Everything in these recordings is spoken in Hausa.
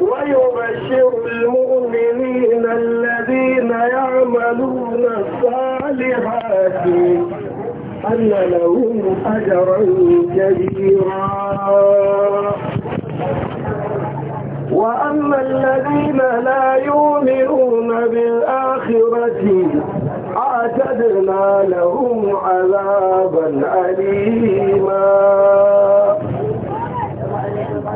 ويبشر المؤمنين الذين يعملون الصالحات أن لهم أجرا كبيرا وأما الذين لا يؤمنون بالآخرة أعتدنا لهم عذابا أليما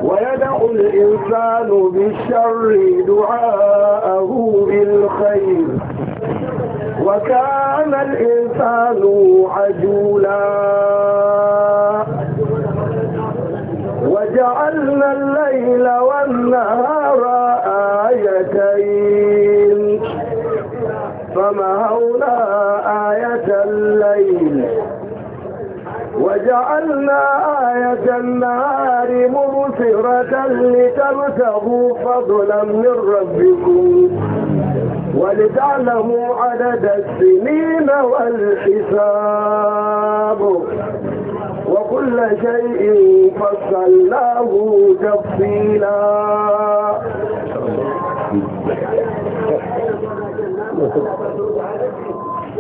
ويدعو الإنسان بالشر دعاءه بالخير وكان الإنسان عجولا وجعلنا الليل والنهار آيتين فمهونا آية الليل وجعلنا آية النهار مبصرة لتبتغوا فضلا من ربكم ولتعلموا عدد السنين والحساب وكل شيء فصلناه تفصيلا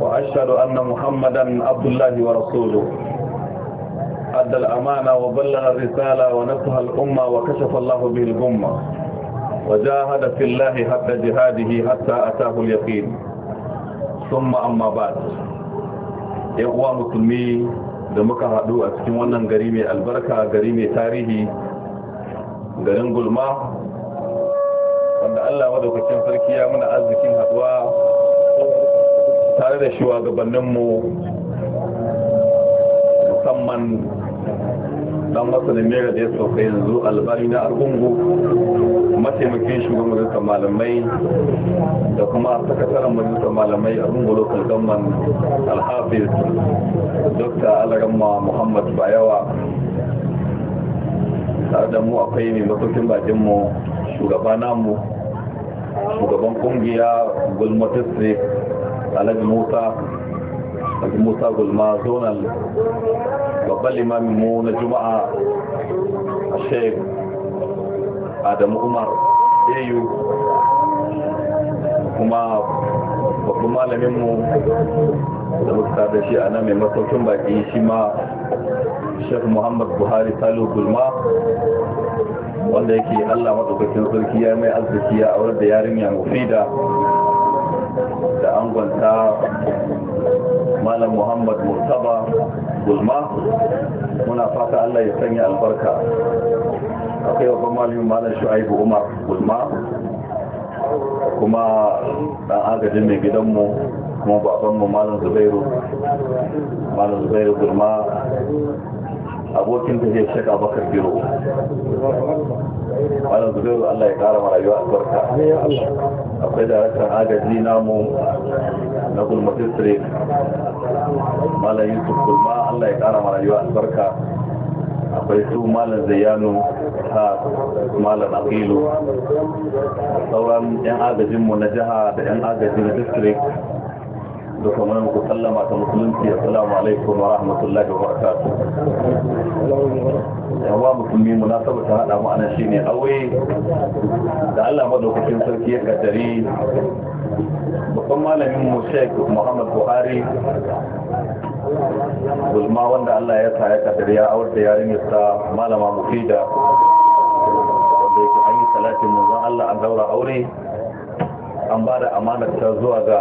وأشهد أن محمدا عبد الله ورسوله أدى الأمانة وبلغ الرسالة ونصح الأمة وكشف الله به الغمة وجاهد في الله حتى جهاده حتى أتاه اليقين ثم أما بعد يقوى مسلمي da muka haɗu a cikin wannan gari mai albarka gari mai tarihi garin gulma wanda Allah madaukakin sarki ya muna arzikin haɗuwa tare da shugabanninmu musamman dan masanin mera da ya sauka yanzu albari na argungu mataimakin shugaban majalisar malamai da kuma sakataren majalisar malamai argungu local government alhafis dr alaramma muhammad bayawa tare da mu akwai mai masaukin bajinmu shugaba namu shugaban kungiya gulmatisrik alhaji musa mota gulma zonal babban limamin mu na juma'a a shek adamu umar au kuma babban malamin mu da muka da shi a nan mai masaukin baki shi ma shek muhammad buhari salihu gulma wanda yake allah maɗaukakin sarki ya mai arziki a wadda da yarinya mufida bambanta malam muhammad murtaba gulma muna fata allah ya sanya albarka akwai babban malamin malam shu'aibu umar gulma kuma dan agajin mai gidanmu kuma babanmu malam zubairu malam zubairu gulma abokin da ya shaka bakar biro malam zubairu allah ya kara marayuwa albarka akwai daraktan agaji namu na gulma district malam yusuf gulma allah ya kara marayu a albarka akwai su malam zayyano ta malam akilu sauran yan agajinmu na jiha da yan agaji na district da kuma muku sallama ta musulunci assalamu alaikum wa rahmatullahi wa barakatuh yawa musulmi munasaba ta hada mu anan shine aure da Allah madaukakin sarki ya kaddare babban malamin mu Sheikh Muhammad Buhari gulma wanda Allah ya sa ya kaddare ya aure da yarin sa malama Mufida wanda yake an yi salatin manzon Allah an daura aure an ba da ta zuwa ga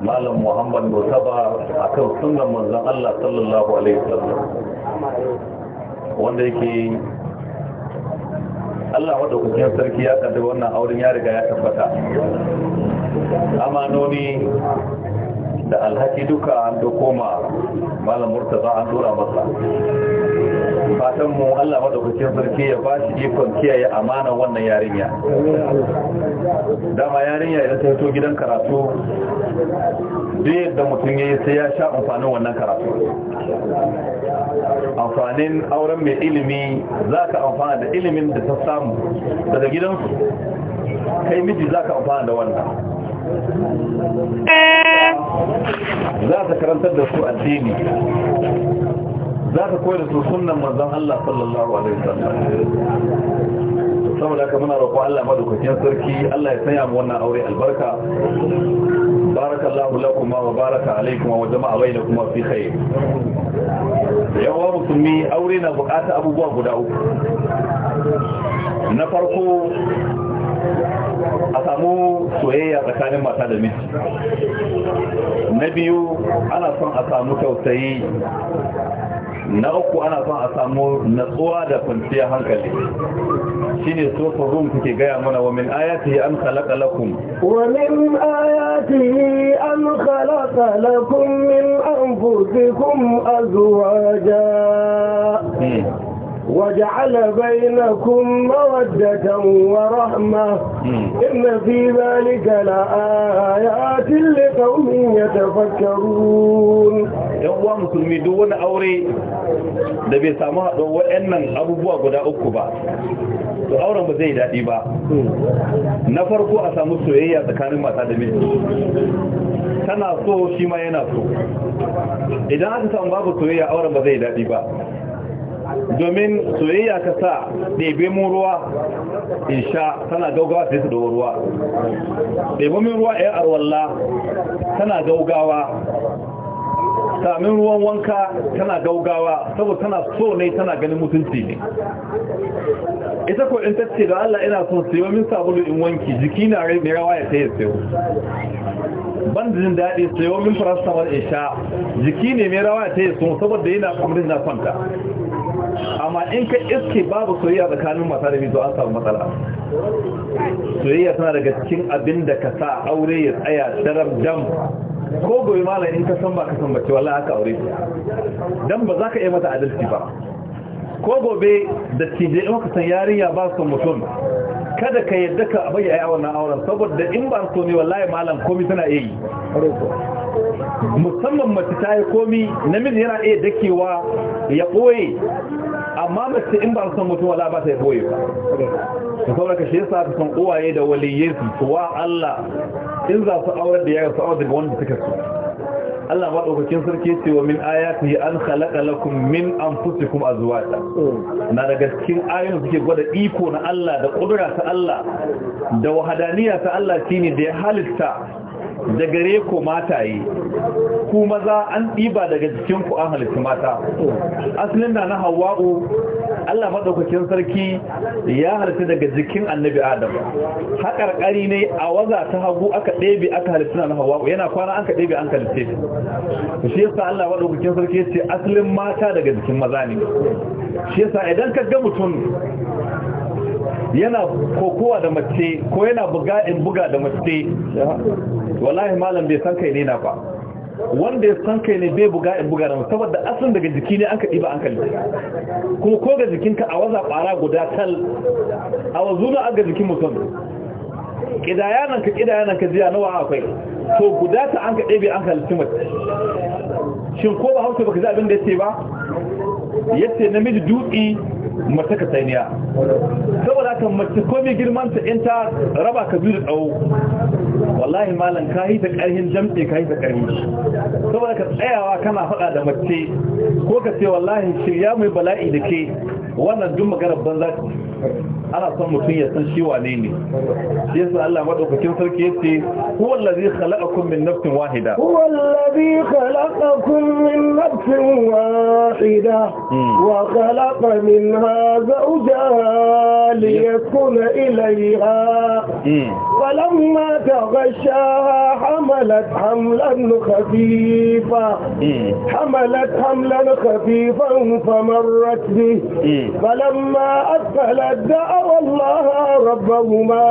malam muhammad musaba a kan sunan manzan allah sallallahu alaihi wasallam wanda yake Allah wata kukin sarki ya kaddaba wannan auren ya riga ya tabbata amanoni da alhaki duka an da koma malam murtaza an dora masa fatan mu Allah madaukakin sarki ya ba shi ikon kiyaye amana wannan yarinya dama yarinya idan ta fito gidan karatu duk yadda mutum ya yi sai ya sha amfanin wannan karatu amfanin auren mai ilimi za ka amfana da ilimin da ta samu daga gidansu kai miji za ka amfana da wannan Eh. za ta karantar da su addini za ta koyar da su sunan manzon Allah sallallahu alaihi wasallam saboda haka muna roƙo Allah madaukakin sarki Allah ya sanya mu wannan aure albarka barakallahu lakum wa baraka alaikum wa jama'a bainakum fi khair yawa musulmi aure na bukata abubuwa guda uku na farko a samu soyayya tsakanin mata da miji na biyu ana son a samu tausayi na uku ana son a samu natsuwa da kwanciyar hankali shine sofar rum kuke gaya mana wa min ayatihi an khalaqa lakum wa min ayatihi an khalaqa lakum min anfusikum azwaja hmm. وجعل بينكم مودة ورحمة إن في ذلك لآيات لقوم يتفكرون يوم مسلمي دون أوري da bai samu haɗo waɗannan abubuwa guda uku ba to auren ba zai daɗi ba na farko a samu soyayya tsakanin mata da miji tana so shi yana so idan aka samu babu soyayya auren ba zai daɗi ba domin soyayya ka sa ɗebe mun ruwa in sha tana gaugawa sai su dawo ruwa ɗebe mun ruwa ya eh, arwalla tana gaugawa samun ruwan wanka tana gaugawa saboda tana so ne tana ganin mutunci ne ita ko in ce da Allah ina son sai min sabulu in wanki jiki na rai mai rawa ya sai sai ban jin daɗi sai min paracetamol in sha jiki ne mai rawa ya sai sayo saboda yana kamar na kwanta amma in ka iske babu soyayya tsakanin mata da miji an samu matsala soyayya tana daga cikin abin da ka sa aure ya tsaya daram dam ko goyi mala in ka san ba ka san bace wallahi aka aure dan ba za ka yi mata adalci ba ko gobe da tije in ka san yarinya ba son mutum kada ka yadda ka bai ayi wannan auren saboda in ba so ne wallahi malam komai tana yi musamman mace ta yi komi namiji yana iya dakewa ya ɓoye amma su in ba su san mutum wala ba ta ya ba ta saboda ka shi yasa ka san uwaye da waliyye su tuwa Allah in za su aure da yaya su aure daga wanda suka su Allah ba ɗaukakin sarki ce wa min ayati an khalaqa lakum min anfusikum azwaja na daga cikin ayoyin suke gwada iko na Allah da kudura ta Allah da wahadaniya ta Allah shine da ya halitta da gare ku yi, ku maza an ɗiba daga jikinku an halittu mata asalin na na hawa'u Allah maɗaukacin sarki ya halitta daga jikin annabi adam haƙarƙari ne a waza ta hagu aka ɗebe aka halitta na hawa'u yana kwana an ka ɗebe an halitta shi shi yasa Allah maɗaukacin sarki ya ce asalin mata daga jikin maza ne shi yasa idan ka ga mutum yana kokowa da mace ko yana buga in buga da mace wallahi malam bai san kai ne na ba wanda ya san kai ne bai buga in buga da mace saboda asalin daga jiki ne an ka ɗiba an kalli kuma ko ga jikinka a waza ɓara guda tal a wazuna na ga jikin mutum ƙidaya ka ƙidaya ka jiya nawa akwai to guda ta an ka ɗebe an halittu mace shin ko ba hausa baka ka ji abin da ya ce ba ya ce namiji dutse mace ka saniya saboda kan mace komi girmanta in ta raba ka biyu da tsawo wallahi malam ka yi da ƙarhin jamɗe ka yi da ƙarhi saboda ka tsayawa kana faɗa da mace ko ka ce wallahi shirya mai bala'i da ke wannan duk maganar banza ana son mutum ya san shi wane ne shi yasa Allah madaukakin sarki yace huwa allazi khalaqakum min nafsin wahida huwa allazi khalaqakum min nafsin wahida hmm. wa khalaqa minha zawjaha liyakuna ilayha فلما تغشاها حملت حملا خفيفا حملت حملا خفيفا فمرت به فلما أثقلت دأت دعوا ربهما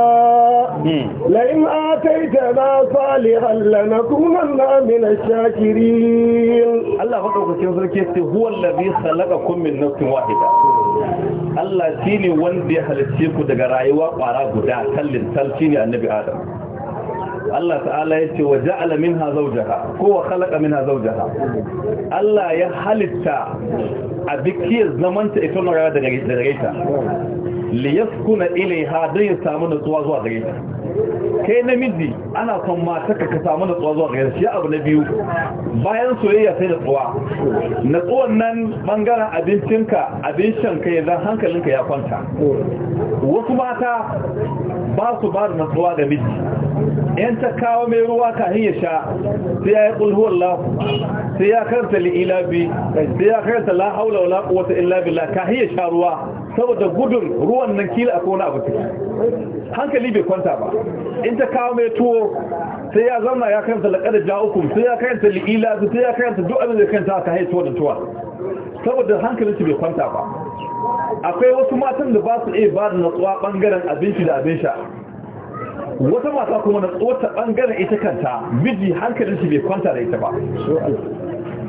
لئن آتيتنا صالحا لنكونن من الشاكرين الله فقط كيف هو الذي خلقكم من نفس واحدة Allah shi ne wanda ya halicce ku daga rayuwa ƙwara guda tallin tal shi ne annabi Adam. Allah ta'ala ya ce wa ja'ala minha zawjaha ko wa khalaqa minha zawjaha Allah ya halitta a bikiyar zamanta ita nora daga daga ita liyaskuna ilaiha don ya samu natsuwa zuwa gare kai namiji ana son mata ka samu natsuwa zuwa gare shi abu na biyu bayan soyayya sai na natsuwan nan bangaren abincinka abin shan ya zan hankalinka ya kwanta wasu mata ba su ba da natsuwa ga miji yan ta kawo mai ruwa kahin ya sha sai ya yi ƙulhuwallah sai ya karanta li'ilabi sai ya karanta la haula wala quwwata illa billah kahin ya sha ruwa saboda gudun ruwan nan kila a kona abu ciki hankali bai kwanta ba in ta kawo mai tuwo sai ya zauna ya karanta ja ja'ukum sai ya kanta li'ila sai ya kanta duk abin da kanta ta haituwa da tuwa saboda hankalin su bai kwanta ba akwai wasu matan da ba su iya ba da natsuwa bangaren abinci da abin sha wata mata kuma natsuwa ta bangaren ita kanta miji hankalin su bai kwanta da ita ba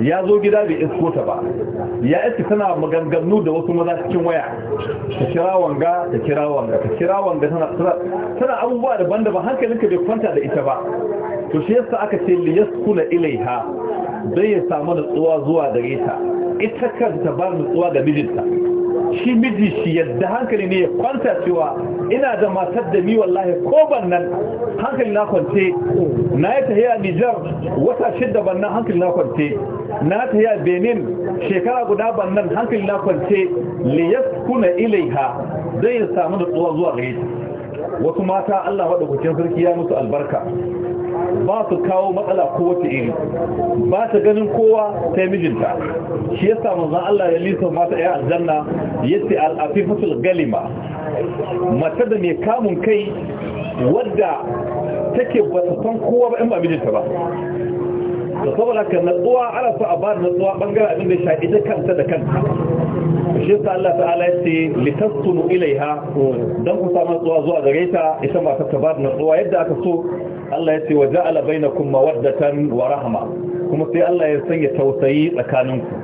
ya zo gida bai isko ta ba ya iska tana maganganu da wasu maza cikin waya ta kira wanga ta kira wanga ta kira wanga tana abubuwa daban-daban hankalinka bai kwanta da ita ba to shi yasa aka ce li yaskuna ilaiha zai ya samu nutsuwa zuwa gare ta ita kanta ba nutsuwa ga mijinta shi miji shi yadda hankali ne ya kwanta cewa ina da matar da ni wallahi ko bannan hankali na kwance na yi tahiya Nijar wata shidda bannan hankali na kwance na tahiya Benin shekara guda bannan hankali na kwance liyas kuna ilaiha zai samu da tsuwa zuwa gare wasu mata Allah wadda kucin sarki ya musu albarka ba su kawo matsala kowace iri ba ta ganin kowa ta yi mijinta shi yasa manzon Allah ya lisa mata ya aljanna yace al-afifatul galima mace da mai kamun kai wadda take ba ta san kowa ba in ba mijinta ba da saboda ka natsuwa ana so a ba da natsuwa bangare abin da ya shafi ita kanta da kanta shi sa Allah ta'ala yace litaskunu ilaiha Don ku samu natsuwa zuwa gare ta ita ma ta ba da natsuwa yadda aka so Allah ya ce wa ja'ala bainakum mawaddatan wa rahma kuma sai Allah ya sanya tausayi tsakaninku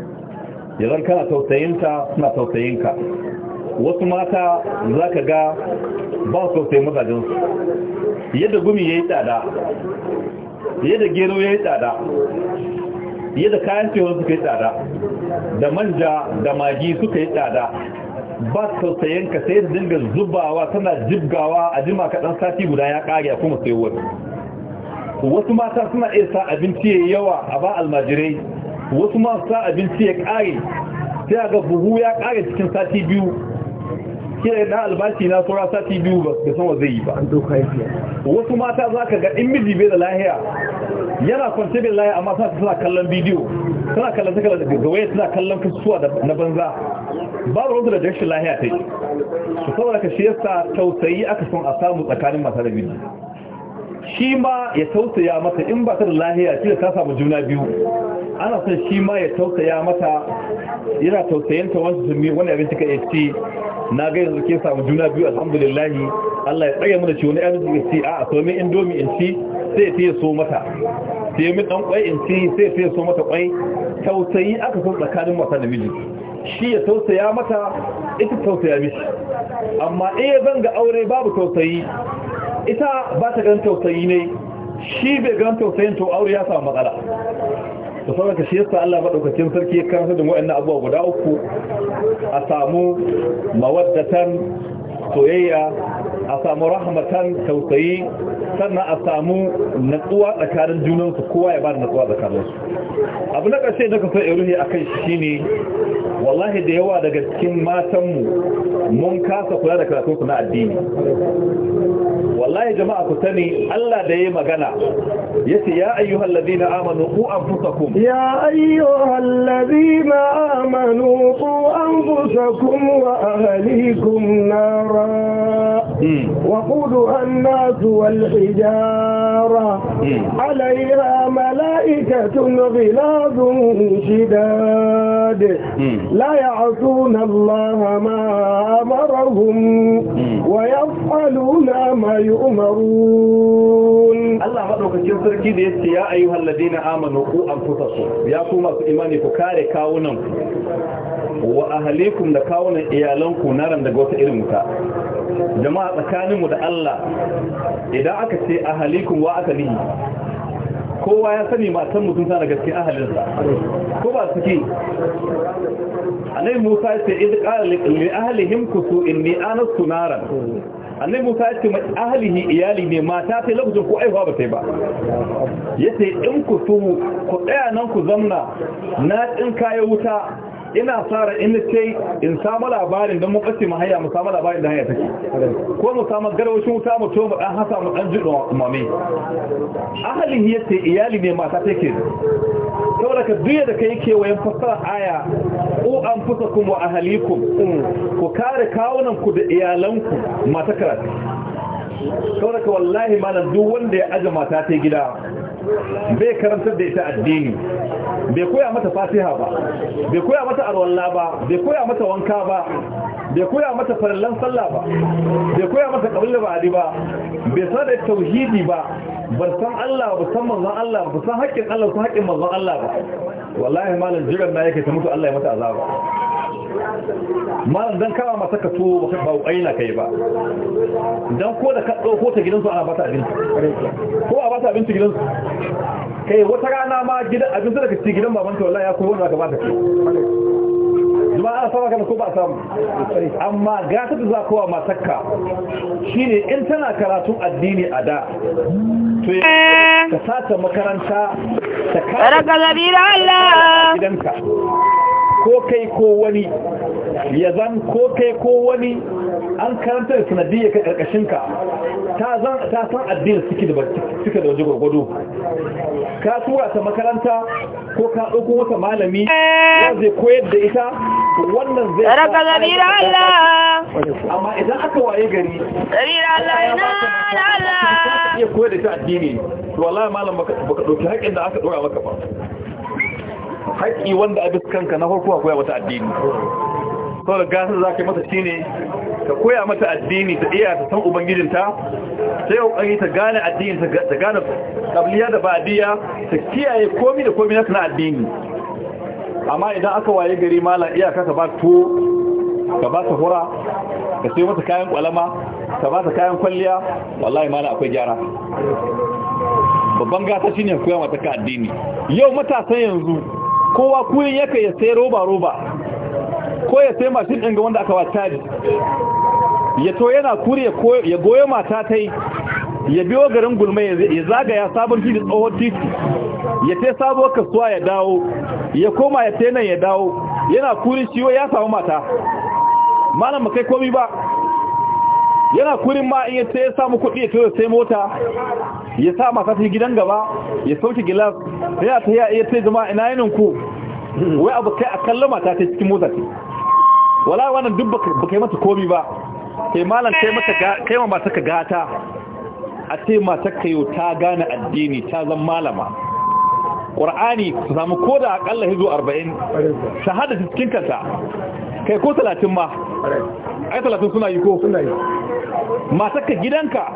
yanzu kana tausayinta suna tausayinka wasu mata zaka ga ba su tausayi mazajensu yadda gumi yayi tsada yadda gero yayi tsada yadda kayan cewar suka yi tsada da manja da magi suka yi tsada ba tausayinka sai da dinga zubawa tana jibgawa a jima kaɗan sati guda ya ƙage a kuma sai wani wasu mata suna iya sa abinci ya yawa a ba almajirai wasu ma sa abinci ya ƙare sai a ga buhu ya ƙare cikin sati biyu kira na albashi na saura sati biyu ba da sanwa zai yi ba wasu mata za ka ga in miji bai da lahiya yana kwance bai lahiya amma suna kallon bidiyo suna kallon suka da gawaye suna kallon kasuwa na banza babu rauta da jashin lahiya ta yi su saboda ka shi yasa tausayi aka son a samu tsakanin mata da bidiyo shi ma ya tausaya mata in ba ta da lahiya shi da ta samu juna biyu ana son shi ma ya tausaya mata yana tausayanta wancan sumi wani abinci ka ci na gaya yanzu ke samu juna biyu alhamdulillah Allah ya tsaya mana ci wani abinci ka ci a so min indomi in ci sai ya so mata sai min dan kwai in ci sai ya so mata kwai tausayi aka son tsakanin mata da miji shi ya tausaya mata ita tausaya mishi amma iya zanga aure babu tausayi ita ba ta gan tausayi ne shi bai gan tausayin to aure ya samu matsala to saboda ka shiyarsa Allah madaukakin sarki ya karanta da wa'annan abubuwa guda uku a samu mawaddatan soyayya a samu rahmatan tausayi sannan a samu natsuwa tsakanin junansu kowa ya ba da natsuwa tsakaninsu abu na ƙarshe da kasar iruhi a kai shi ne wallahi da yawa daga cikin matanmu mun kasa kula da karatunsu na addini wallahi jama'a ku sani Allah da ya magana ce ya ayyuhal na amanu qu anfusakum ya ayyuhal na amanu qu anfusakum wa ahlikum nara وقودها الناس والحجارة عليها ملائكة غلاظ شداد لا يعصون الله ما أمرهم ويفعلون ما يؤمرون madaukakin sarki da yake ya ayyuhal ladina amanu ku su ya ku masu imani ku kare kawunan wa ahlikum da kawunan iyalanku ran daga wata irin wuta jama'a tsakaninmu da Allah idan aka ce ahlikum wa aka kowa ya sani matan mutum tana gaske ahalinsa ko ba suke anai musa ya ce idan qala li ahlihim kusu inni anastu naran annabi Musa ya ce mai ahlihi iyali ne mata sai lafzin ko aihuwa ba sai ba yace in ku su ku tsaya nan ku zamna na tsin kayan wuta ina fara in sai in samu labarin don mun kace haya mu samu labarin da haya take ko mu samu garwashin wuta mu to mu dan hasa mu dan jido mame ahalin yace iyali ne mata take saboda ka duya da kai kewayen fasara aya ku an fusa kuma ahalikum ku kare kawunan ku da iyalanku mata karatu saboda ka wallahi malam duk wanda ya aje mata ta gida bai karantar da ita addini bai koya mata fatiha ba bai koya mata alwallah ba bai koya mata wanka ba bai koya mata farallan sallah ba bai koya mata kabila ba ali ba bai sa da tauhidi ba ba san Allah ba san manzon Allah ba san haƙƙin Allah ba san haƙƙin manzon Allah ba wallahi malam jiran na yake ta mutu Allah ya mata azaba malam dan kawo mata ka to ba aina kai ba dan ko da ka dauko ta gidansu ana bata abinci ko a bata abinci gidansu kai wata rana ma gidan abinci da kace gidan baban ta wallahi ya ko wanda ka bata ke zuma ana saba kana ko ba samu amma gata da zakowa matakka shine in tana karatun addini a da to ka sace makaranta ta kare gidanka ko kai ko wani ya zan ko kai ko wani an karanta da sanadiyya ka karkashinka ta zan ta san addin suke da suke da waje gurgudu ka tura ta makaranta ko ka dauko wata malami ya zai koyar da ita wannan zai ta raka zalira Allah amma idan aka waye gari zalira Allah ina Allah ya koyar da ita addini to wallahi malam baka dauki haƙin da aka dora maka ba haƙƙi wanda abis kanka na farko koya wata addini sau da gasar za ka mata shine ka koya mata addini ta iya ta san ubangijinta ta yi ƙari ta gane addini ta gane ƙabliya da ba'adiyya ta kiyaye komi da komi na addini amma idan aka waye gari malam iyaka ta ba to ka ba ta hura ka sai mata kayan kwalama ka ba ta kayan kwalliya wallahi mala akwai gyara babban ne shine koya mata ka addini yau matasan yanzu kowa kuyin yaka ya sai roba-roba ko ya sai mashin ɗin ga wanda aka wata ji ya to yana kuri ya goyo mata ta yi ya biyo garin gulma ya zagaya sabon titi tsohon titi ya te sabuwar kasuwa ya dawo ya koma ya tenan ya dawo yana kuri shiwo ya samu mata malam kai komi ba yana kurin ma in yace ya samu kuɗi ya sai mota ya sa maka ta gidan gaba ya sauke gilas ya ta ya iya sai jama'a ina yinin ku wai abu kai a kallon mata ta cikin mota ce wala wannan duk ba kai mata komi ba kai malam kai mata kai ma mata ka gata a ce mata ka yau ta gane addini ta zan malama qur'ani su samu koda akalla hizo 40 shahada cikin kanta kai ko 30 ma ai 30 suna yi ko suna yi matakka gidanka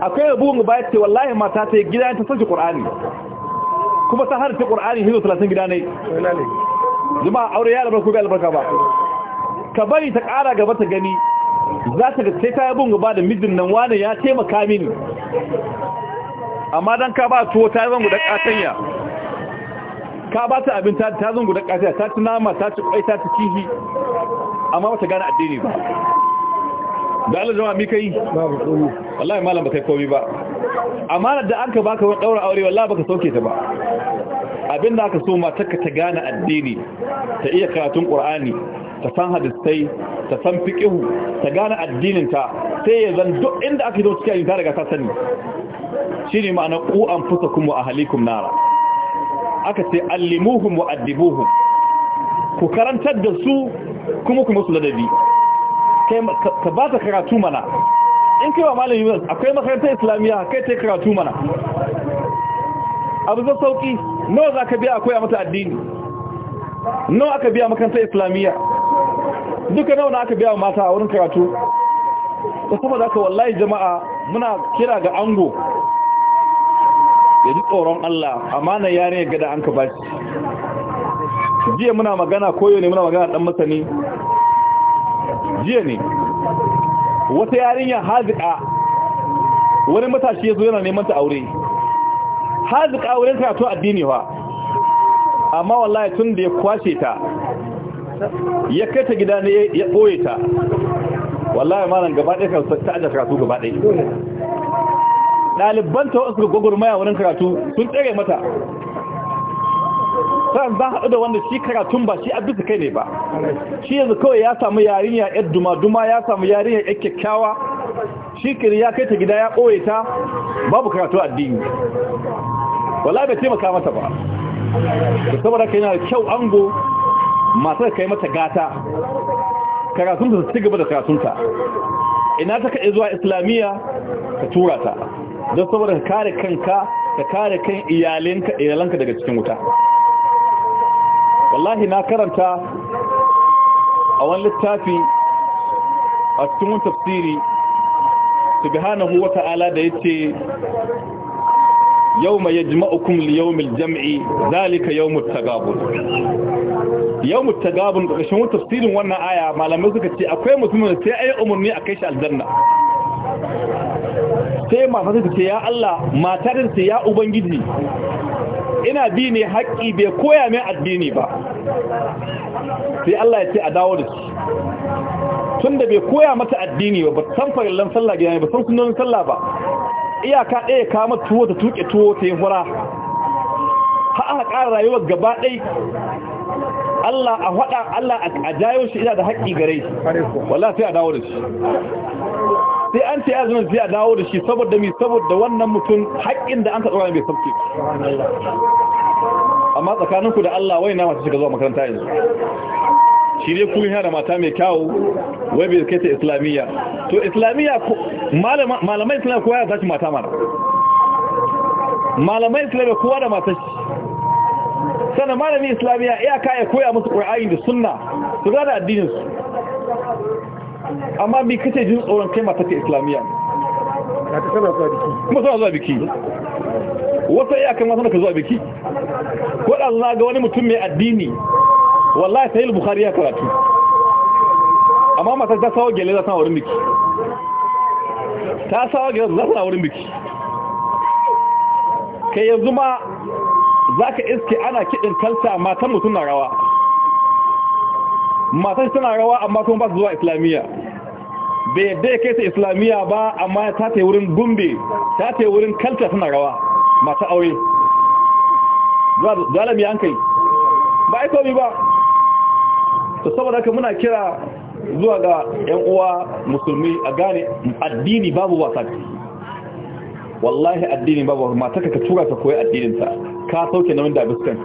akwai abubuwan ba bayan ce wallahi mata ta yi gida ta sauke ƙur'ani kuma ta harta ƙur'ani hizo talatin gida ne zuma aure ya labar ko bai albarka ba ka bari ta ƙara gaba ta gani za ta ga sai ta yi abun gaba da mijin nan wani ya taimaka mini amma don ka ba tuwo ta yi zangu da ka ba ta abin ta zangu da ƙatanya ta ci nama ta ci ƙwai ta ci kihi amma ba ta gane addini ba da Allah jama'a mi yi babu komai wallahi malam yi komai ba amanar da an ka baka wani daura aure wallahi baka sauke ta ba abinda aka so mata ka ta gane addini ta iya karatun qur'ani ta san hadisai ta san fiqh ta gane addinin ta sai ya zan duk inda aka zo cikin ta daga ta sani shine ma'ana ku anfusakum mu ahlikum nara aka ce allimuhum wa addibuhum ku karantar da su kuma ku musu ladabi ka ba ta karatu mana in kai wa malami yunus akwai makarantar islamiyya kai ta karatu mana abu za sauki nawa za ka biya akwai a mata addini nawa aka biya makarantar islamiyya duka nawa aka biya mata a wurin karatu ta za ka wallahi jama'a muna kira ga ango ya ji tsoron Allah amana yare gada an ka shi jiya muna magana koyo ne muna magana dan masani jiya ne wata yarinya haziƙa wani matashi ya zo yana neman ta aure hazika ta karatu addini wa amma wallahi tun da ya kwashe ta ya kai ta gida ne ya ɓoye ta wallahi malam gaba ɗaya kan ta ajiyar karatu gaba ɗaya ɗaliban ta wasu gwagwarmaya wurin karatu sun tsere mata sa'an za haɗu da wanda shi karatun ba shi abisa kai ne ba shi yanzu kawai ya samu yarinya yar duma-duma ya samu yarinya yar kyakkyawa shi kiri ya kai ta gida ya ɓoye ta babu karatu addini wala bai taimaka mata ba da saboda kai da kyau ango da kai mata gata karatunta ta ci gaba da karatunta ina ta kaɗe zuwa islamiyya ka tura ta don saboda ka kare kanka ka kare kan iyalanka daga cikin wuta wallahi na karanta a wani littafi a cikin tafsiri subhanahu ta'ala da yace yawma yajma'ukum liyawmil jam'i zalika yawmut tagabun yawmut tagabun kashin tafsirin wannan aya malamai suka ce akwai mutumin sai ayi umurni akai shi aljanna sai mata ta ce ya Allah matar ta ya ubangiji ina bi ne haƙƙi bai koya min addini ba sai Allah ya ce a dawo da shi tun da bai koya mata addini ba ba san farillan sallah gina ba san sunan sallah ba iyaka ɗaya kama tuwo ta tuƙe tuwo ta yi hura ha aka ƙara rayuwar gaba ɗai Allah a faɗa Allah a jayo shi ina da haƙƙi gare shi wala sai a dawo da shi sai an ce azumin zai dawo da shi saboda mi saboda wannan mutum haƙƙin da an ka tsora bai sauke amma tsakaninku da Allah wai na masu shiga zuwa makaranta yanzu shi ne kuma yana mata mai kyawu wai bai kai ta islamiyya to islamiyya malamai islamiyya kowa ya zaci mata mara malamai islamiyya kowa da mata shi sannan malamin islamiyya iyaka ya koya musu ƙwar'ayin da sunna su gada addininsu amma bi kace jin tsoron kai mata ta islamiyya ne kuma suna zuwa biki wata iyakan masu da ka zuwa biki ko da na ga wani mutum mai addini wallahi sai bukhari ya karatu amma mata ta sawo gele za ta wurin biki ta sawo gele za ta wurin biki kai yanzu ma za ka iske ana kiɗin kalta matan mutum na rawa matan suna rawa amma kuma ba su zuwa islamiyya bai yadda ya kai su islamiyya ba amma ta ta wurin gumbe ta ta wurin kalta suna rawa mata aure zalami an kai ba a komi ba ta saboda ka muna kira zuwa ga 'yan uwa musulmi a gane addini babu wasa wallahi addini babu wasa. mata ka tura ta koyi addininta ka sauke na wanda biskan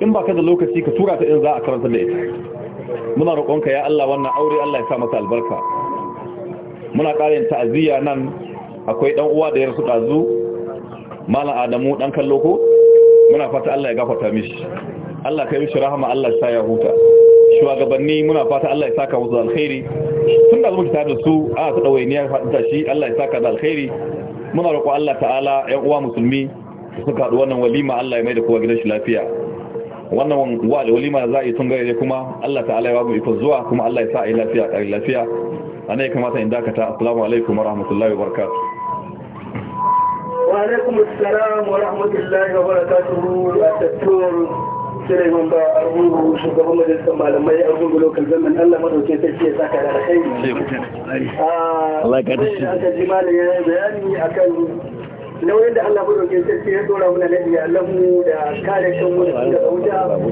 in ba ka da lokaci ka tura ta in za a karanta da ita muna roƙonka ya Allah wannan aure Allah ya sa masa albarka muna ƙarin ta'aziyya nan akwai ɗan uwa da ya rasu ɗazu malam adamu ɗan kallo ko muna fata Allah ya gafarta mishi Allah kai mishi rahama Allah ya sa ya huta shugabanni muna fata Allah ya saka musu alkhairi tun da zuwa da su a ta dawainiyar fadita shi Allah ya saka da alkhairi muna roƙo Allah ta'ala ƴan uwa musulmi suka haɗu wannan walima Allah ya mai da kowa gidan shi lafiya wannan walima za a yi tun gare kuma Allah ta'ala ya ba mu iko zuwa kuma Allah ya sa a yi lafiya a lafiya ana ya kamata in dakata assalamu alaikum wa rahmatullahi wa barakatuh wa alaikum assalam wa rahmatullahi wa barakatuh a tattur sai mun ba arhu shugaban majalisar malamai a gungun lokal zaman Allah madauke sarki ya saka da alkhairi ah, Allah ka dace aka ji malai bayani akan nauyin da Allah bai roƙe shi ya dora mana na lamu da kare kanmu da wuta